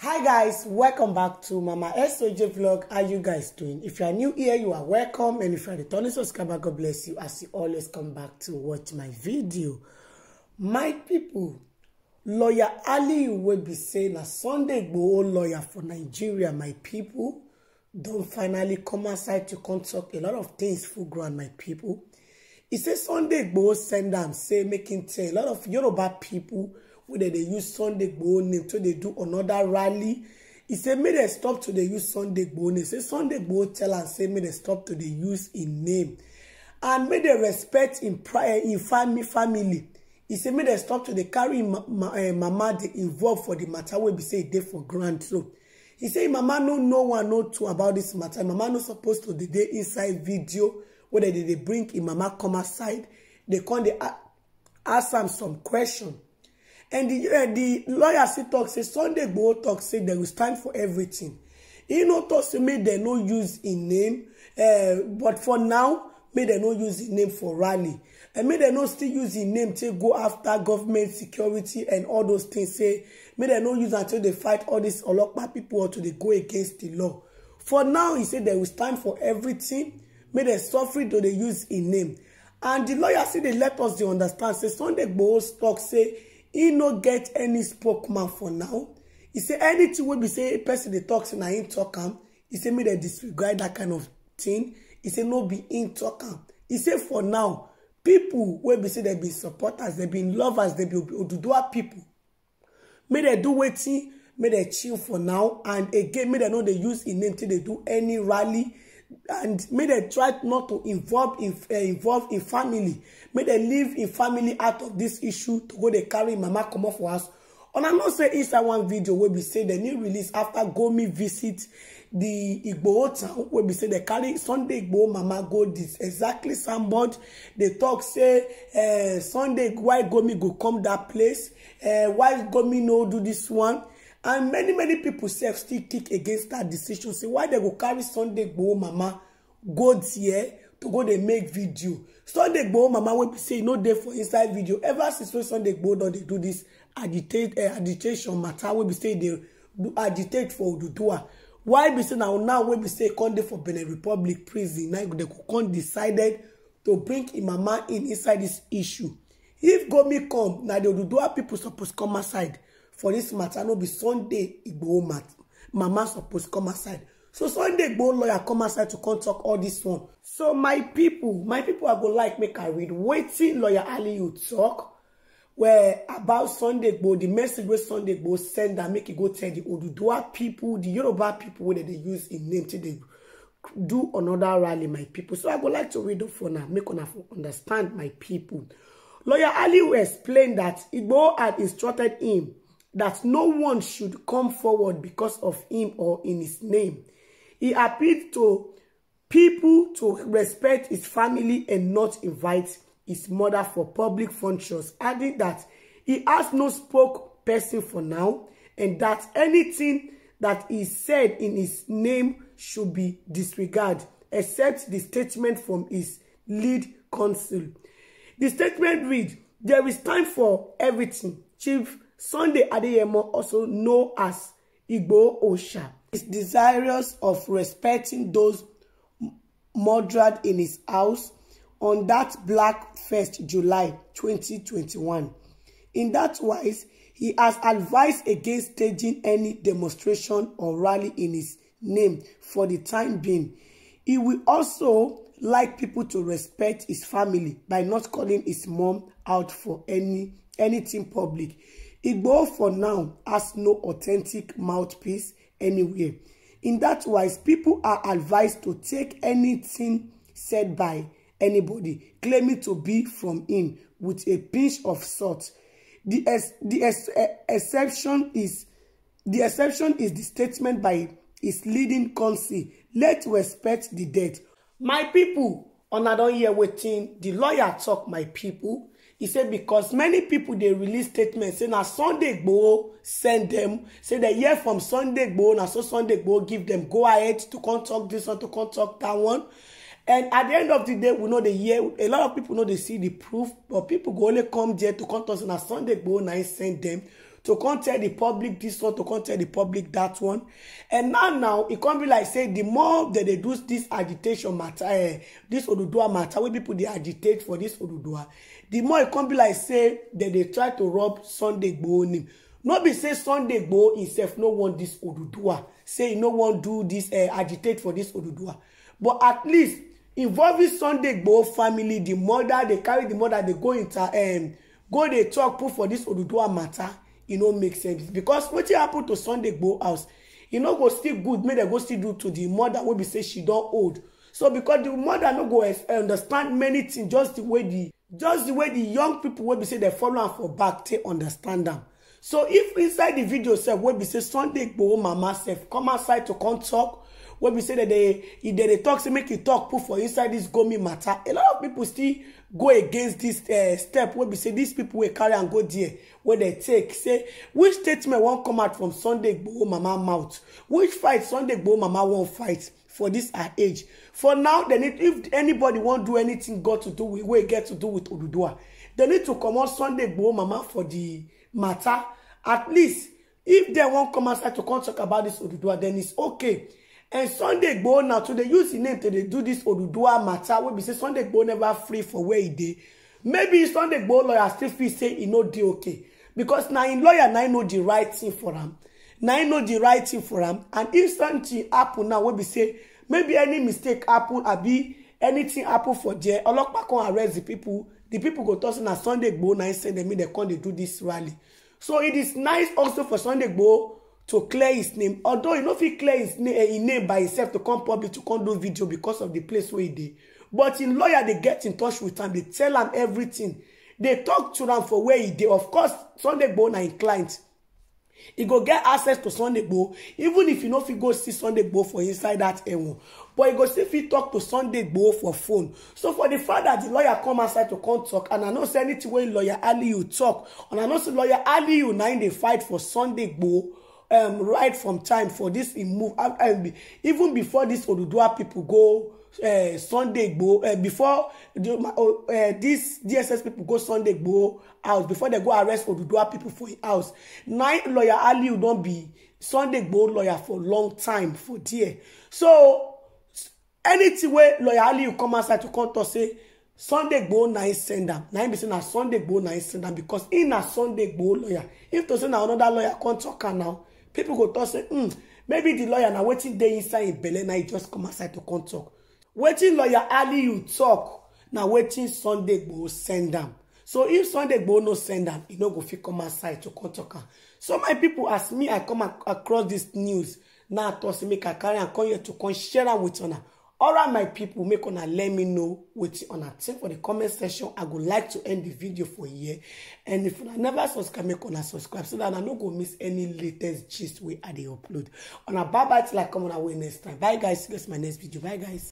hi guys welcome back to mama soj vlog how you guys doing if you are new here you are welcome and if you are returning subscriber god bless you as you always come back to watch my video my people lawyer ali will be saying a sunday igboho lawyer for nigeria my people Don't finally come outside to come talk a lot of things full ground my people He says sunday go send am say making tell a lot of yoruba people wey dem dey use sunday gboo name to dey do another rally e say make dem stop to dey use sunday gboo name say sunday gboo tell am say make dem stop to dey use im name and make dem respect im eh, family e say make dem stop to dey carry im eh, mama dey involve for di matter wey be say e dey for ground so e say im mama no know one no two about dis matter im mama no suppose to dey inside video wey dem dey bring im mama come aside, dey come dey ask am some question And the, uh, the lawyer see talk, say Sunday go talk, say they will stand for everything. He no talk, say make they no use in name. Uh, but for now, may they no use in name for rally. And may they no still use in name to go after government security and all those things. Say, may they no use until they fight all these Olokpa people or to they go against the law. For now, he said they will stand for everything. May they suffer though they use in name. And the lawyer said, they let us they understand. Say Sunday Igboho talk say He no get any spokesman for now He say anything wey be say person they tok say na him tok am e say me they disregard that kind of thing. He say no be in tok am e say for now people wey be say they be supporters they be lovers they be oduduwa people. May they do wetin may they chill for now and again may they no they use in name till dey do any rally and make they try not to involve in uh, involve in family make they leave in family out of this issue to go they carry mama come off for house una know say inside one video wey be say the new release after gomi visit the Igbo town wey be say they carry sunday Igbo mama go this exactly soundboard they talk say eh, sunday why gomi go come that place eh, why gomi no do this one and many many people sef still kick against that decision say why dem go carry sunday gboo mama go there to go dey make video sunday gboo mama wey be say e no dey for inside video ever since wey sunday gboo don dey do dis eh, agitation matter wey be say e dey agitate for oduduwa why be say na now wey be say e con dey for benin republic prison na dem go con decided to bring im mama in inside this issue if gomi come na the oduduwa people suppose come aside for this matter no be sunday igboho mama suppose come aside so sunday igboho lawyer come aside to come talk all this one so my people, my people, i go like make i read Waiting lawyer aliyu talk, where about sunday igboho the message where sunday igboho send that make e go tell the oduduwa people, the yoruba people, wey they use in name till do another rally my people. so i go like to read it for now make una understand my people, lawyer aliyu explained that igboho had instructed him that no one should come forward because of him or in his name. He appealed to people to respect his family and not invite his mother for public functions, adding that he has no spoke person for now and that anything that is said in his name should be disregarded, except the statement from his lead counsel. The statement read, There is time for everything, Chief Sunday Adeyemo, also known as Igbo Osha, is desirous of respecting those murdered in his house on that Black First July 2021. In that wise, he has advised against staging any demonstration or rally in his name for the time being. He will also like people to respect his family by not calling his mom out for any anything public. Igboho for now has no authentic mouthpiece anywhere. In that wise, people are advised to take anything said by anybody claiming to be from him with a pinch of salt. The, ex the ex e, exception is the exception is the statement by his leading counsel. Let's respect the dead. My people, una don hear wetin the lawyer talk, my people e say because many pipo dey release statement say na sunday gboo send dem say dem hear from sunday gboo na so sunday gboo give dem go ahead to come talk dis one to come talk dat one and at the end of the day we no dey hear a lot of people no dey see the proof but people go only come there to come talk say na sunday gboo na im send dem to come tell the public this one to come tell the public that one and now now it can't be like say the more that they do this agitation matter eh this oduduwa matter wey people they agitate for this oduduwa the more it can't be like say that they try to rob sunday Bo. name no be say sunday Bo himself no want this oduduwa say no one do this eh agitate for this oduduwa but at least involving sunday Bo family the mother they carry the mother they go into um, go they talk put for this oduduwa matter e no make sense because wetin happen to sunday go house e no go still good make dem go still do to the mother wey be say she don old so because the mother no go understand many things just the way the just the way the young people wey be say dem follow am for back take understand am so if inside the video sef wey be say sunday gboo mama sef come outside to come talk wey be say dem dey dey talk say make you talk put for inside this gomi matter a lot of people still go against dis eh, step wey be say these people wey carry am go there wey dem take say which statement wan come out from sunday gboo mama mouth which fight sunday gboo mama wan fight for this her age for now need if anybody wan do anything, god to do wey get to do with oduduwa dem need to comot sunday gboo mama for the matter at least if dem wan come outside to come talk about this oduduwa then it's okay and sunday gboo now to dey use his name to they do this oduduwa matter We be say sunday gboo never free for where he did. maybe sunday gboo lawyer still feel say he no dey okay because now in lawyer now im know the right thing for him. Now im know the right thing for him, and if something happen now we be say maybe any mistake happen I be anything happen for there back on arrest the people The people go talk say na sunday gboo na im send dem make dem come they do this rally so it is nice also for sunday gboo to clear his name although he no fit clear eh, his name by himself to come public to come do video because of the place wey he dey but im lawyer dey get in touch with am dey tell am everything dey talk to am for where he dey of course sunday gboo na im client e go get access to sunday gboo even if he no fit go see sunday gboo for inside that ewon but he go still fit talk to sunday gboo for phone so for the fact that the lawyer come outside to come talk, and i know say anything wey lawyer aliyu talk, and i know say lawyer aliyu na im dey fight for sunday gboo um, right from time for this move uh, um, after even before this Oduduwa people go uh, Sunday Igboho uh, eh, before the, uh, this DSS people go Sunday go out before they go arrest Oduduwa people for house Nine lawyer Ali will not be Sunday go lawyer for long time for there so anything where lawyer Ali Aliu come outside to come talk say sunday go nine send am na him be say na sunday Igboho na send am because him na sunday go lawyer if to say another lawyer come talk now people go talk say hmm maybe the lawyer na waiting day inside in Belen. na he just come outside to come talk wetin lawyer you talk na waiting sunday go send them. so if sunday go no send them, e no go fit come outside to come talk so my people ask me i come across this news na to say make i carry am come here to come share them with una alright my people, make una let me know what wetin una think for the comment section i would like to end the video for here and if una never subscribe make una subscribe so that I no go miss any latest gist we i the upload una bye bye till i come on away next time bye guys see you guys my next video bye guys